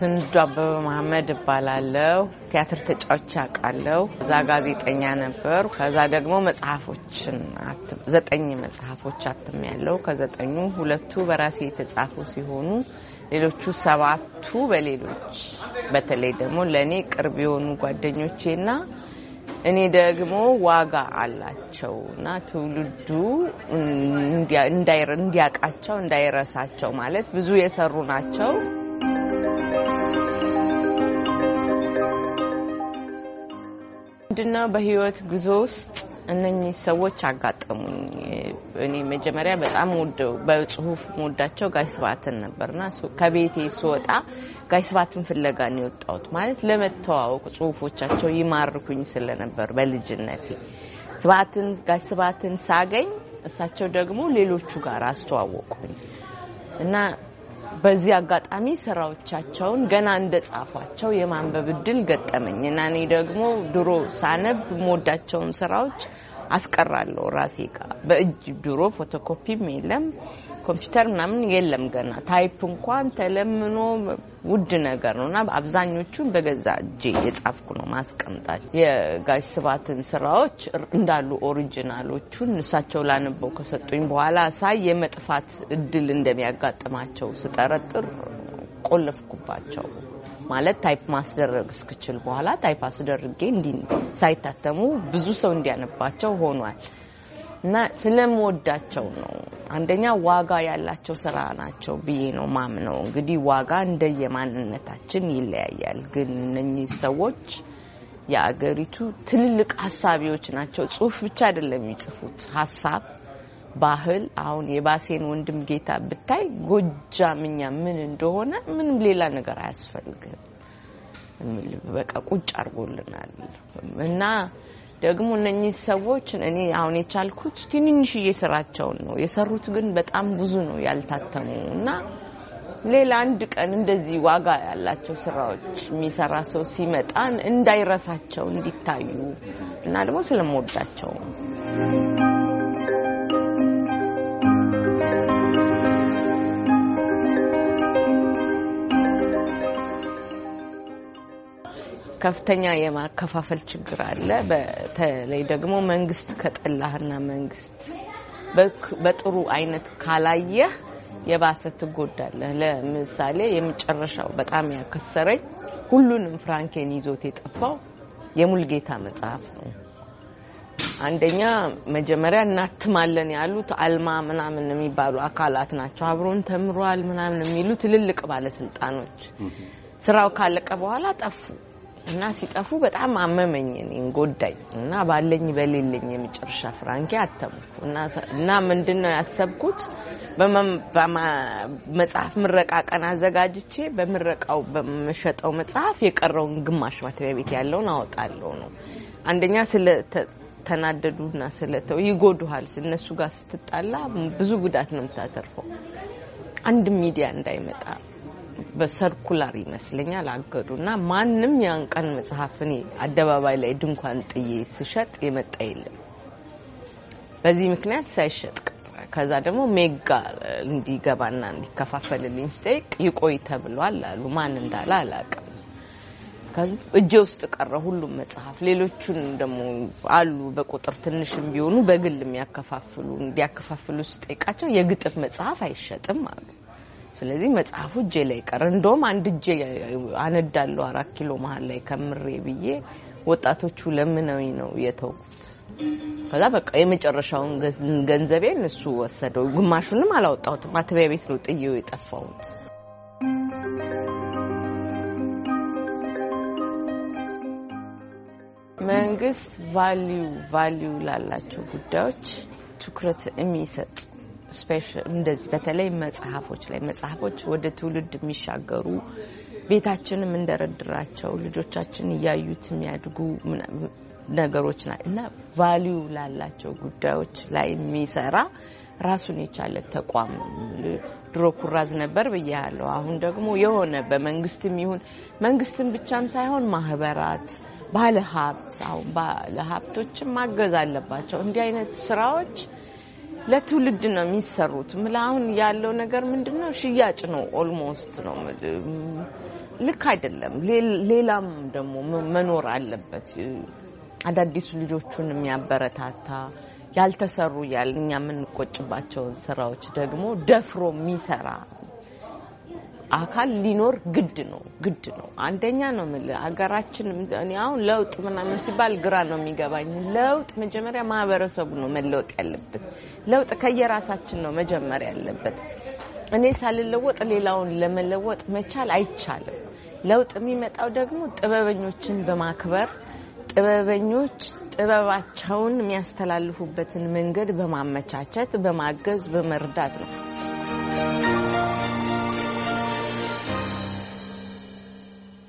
ስንዱ አበበ መሀመድ እባላለሁ። ቲያትር ተጫዋች አውቃለሁ። እዛ ጋዜጠኛ ነበሩ። ከዛ ደግሞ መጽሐፎችን ዘጠኝ መጽሐፎች አትም ያለው ከዘጠኙ ሁለቱ በራሴ የተጻፉ ሲሆኑ ሌሎቹ ሰባቱ በሌሎች በተለይ ደግሞ ለእኔ ቅርብ የሆኑ ጓደኞቼና እኔ ደግሞ ዋጋ አላቸው እና ትውልዱ እንዲያቃቸው እንዳይረሳቸው ማለት ብዙ የሰሩ ናቸው። ምንድና በህይወት ጉዞ ውስጥ እነኚህ ሰዎች አጋጠሙኝ። እኔ መጀመሪያ በጣም ወደው በጽሁፍ መወዳቸው ጋሽ ስብሐትን ነበርና ከቤቴ ስወጣ ጋሽ ስብሐትን ፍለጋ ነው የወጣሁት። ማለት ለመተዋወቅ ጽሁፎቻቸው ይማርኩኝ ስለነበር በልጅነቴ ስብሐትን ጋሽ ስብሐትን ሳገኝ እሳቸው ደግሞ ሌሎቹ ጋር አስተዋወቁኝ እና በዚህ አጋጣሚ ስራዎቻቸውን ገና እንደጻፏቸው የማንበብ እድል ገጠመኝ እና እኔ ደግሞ ድሮ ሳነብ የምወዳቸውን ስራዎች አስቀራለሁ ራሴ ጋ በእጅ ድሮ ፎቶኮፒም የለም ኮምፒውተር ምናምን የለም ገና ታይፕ እንኳን ተለምኖ ውድ ነገር ነው እና አብዛኞቹን በገዛ እጄ የጻፍኩ ነው ማስቀምጣል የጋሽ ስባትን ስራዎች እንዳሉ ኦሪጂናሎቹን እሳቸው ላንበው ከሰጡኝ በኋላ ሳይ የመጥፋት እድል እንደሚያጋጥማቸው ስጠረጥር ቆለፍኩባቸው። ማለት ታይፕ ማስደረግ እስክችል በኋላ ታይፕ አስደርጌ እንዲ ሳይታተሙ ብዙ ሰው እንዲያነባቸው ሆኗል እና ስለምወዳቸው ነው። አንደኛ ዋጋ ያላቸው ስራ ናቸው ብዬ ነው ማምነው። እንግዲህ ዋጋ የማንነታችን ይለያያል። ግን እነኚህ ሰዎች የአገሪቱ ትልልቅ ሀሳቢዎች ናቸው። ጽሁፍ ብቻ አይደለም የሚጽፉት ሀሳብ ባህል አሁን የባሴን ወንድም ጌታ ብታይ ጎጃምኛ ምን እንደሆነ ምንም ሌላ ነገር አያስፈልግም። በቃ ቁጭ አድርጎልናል። እና ደግሞ እነኚህ ሰዎች እኔ አሁን የቻልኩት ትንንሽዬ ስራቸውን ነው የሰሩት፣ ግን በጣም ብዙ ነው ያልታተሙ እና ሌላ አንድ ቀን እንደዚህ ዋጋ ያላቸው ስራዎች የሚሰራ ሰው ሲመጣን እንዳይረሳቸው እንዲታዩ እና ደግሞ ስለምወዳቸው ከፍተኛ የማከፋፈል ችግር አለ። በተለይ ደግሞ መንግስት ከጠላህና መንግስት በጥሩ አይነት ካላየህ የባሰ ትጎዳለህ። ለምሳሌ የመጨረሻው በጣም ያከሰረኝ ሁሉንም ፍራንኬን ይዞት የጠፋው የሙልጌታ መጽሐፍ ነው። አንደኛ መጀመሪያ እናትማለን ያሉት አልማ ምናምን የሚባሉ አካላት ናቸው። አብሮን ተምሯል ምናምን የሚሉ ትልልቅ ባለስልጣኖች ስራው ካለቀ በኋላ ጠፉ። እና ሲጠፉ በጣም አመመኝ፣ እኔን ጎዳኝ እና ባለኝ በሌለኝ የመጨረሻ ፍራንኪ አተምኩ እና ምንድን ነው ያሰብኩት መጽሐፍ ምረቃ ቀን አዘጋጅቼ በምረቃው በምሸጠው መጽሐፍ የቀረውን ግማሽ ማተሚያ ቤት ያለውን አወጣለሁ ነው። አንደኛ ስለተናደዱና ስለተው ይጎዱሃል። እነሱ ጋር ስትጣላ ብዙ ጉዳት ነው የምታተርፈው። አንድ ሚዲያ እንዳይመጣ በሰርኩላር ይመስለኛል አገዱ እና ማንም ያን ቀን መጽሐፍ አደባባይ ላይ ድንኳን ጥዬ ስሸጥ የመጣ የለም። በዚህ ምክንያት ሳይሸጥ ከዛ ደግሞ ሜጋ እንዲገባና እንዲከፋፈልልኝ ስጠይቅ ይቆይ ተብሏል አሉ። ማን እንዳለ አላውቅም። እጄ ውስጥ ቀረ ሁሉም መጽሐፍ። ሌሎቹን ደግሞ አሉ በቁጥር ትንሽም ቢሆኑ በግል የሚያከፋፍሉ እንዲያከፋፍሉ ስጠይቃቸው የግጥም መጽሐፍ አይሸጥም አሉ። ስለዚህ መጽሐፉ እጄ ላይ ቀረ። እንደውም አንድ እጄ አነዳለሁ አራት ኪሎ መሀል ላይ ከምሬ ብዬ ወጣቶቹ ለምነው ነው የተውኩት። ከዛ በቃ የመጨረሻውን ገንዘቤን እሱ ወሰደው። ግማሹንም አላወጣሁትም። ማተቢያ ቤት ነው ጥዬው የጠፋሁት። መንግስት ቫሊዩ ቫሊዩ ላላቸው ጉዳዮች ትኩረት የሚሰጥ እንደዚህ በተለይ መጽሐፎች ላይ መጽሐፎች ወደ ትውልድ የሚሻገሩ ቤታችንም እንደረድራቸው ልጆቻችን እያዩት የሚያድጉ ነገሮች ና እና ቫሊዩ ላላቸው ጉዳዮች ላይ የሚሰራ ራሱን የቻለ ተቋም ድሮ ኩራዝ ነበር ብያለሁ። አሁን ደግሞ የሆነ በመንግስትም ይሁን መንግስትም ብቻም ሳይሆን ማህበራት፣ ባለሀብት አሁን ባለሀብቶችም ማገዝ አለባቸው እንዲህ አይነት ስራዎች ለትውልድ ነው የሚሰሩት። ምልህ አሁን ያለው ነገር ምንድን ነው? ሽያጭ ነው ኦልሞስት ነው ልክ አይደለም። ሌላም ደግሞ መኖር አለበት። አዳዲሱ ልጆቹን የሚያበረታታ ያልተሰሩ ያል እኛ የምንቆጭባቸውን ስራዎች ደግሞ ደፍሮ የሚሰራ አካል ሊኖር ግድ ነው ግድ ነው። አንደኛ ነው ምል ሀገራችን አሁን ለውጥ ምናምን ሲባል ግራ ነው የሚገባኝ። ለውጥ መጀመሪያ ማህበረሰቡ ነው መለወጥ ያለበት። ለውጥ ከየራሳችን ነው መጀመሪያ ያለበት። እኔ ሳልለወጥ ሌላውን ለመለወጥ መቻል አይቻልም። ለውጥ የሚመጣው ደግሞ ጥበበኞችን በማክበር ጥበበኞች ጥበባቸውን የሚያስተላልፉበትን መንገድ በማመቻቸት በማገዝ፣ በመርዳት ነው።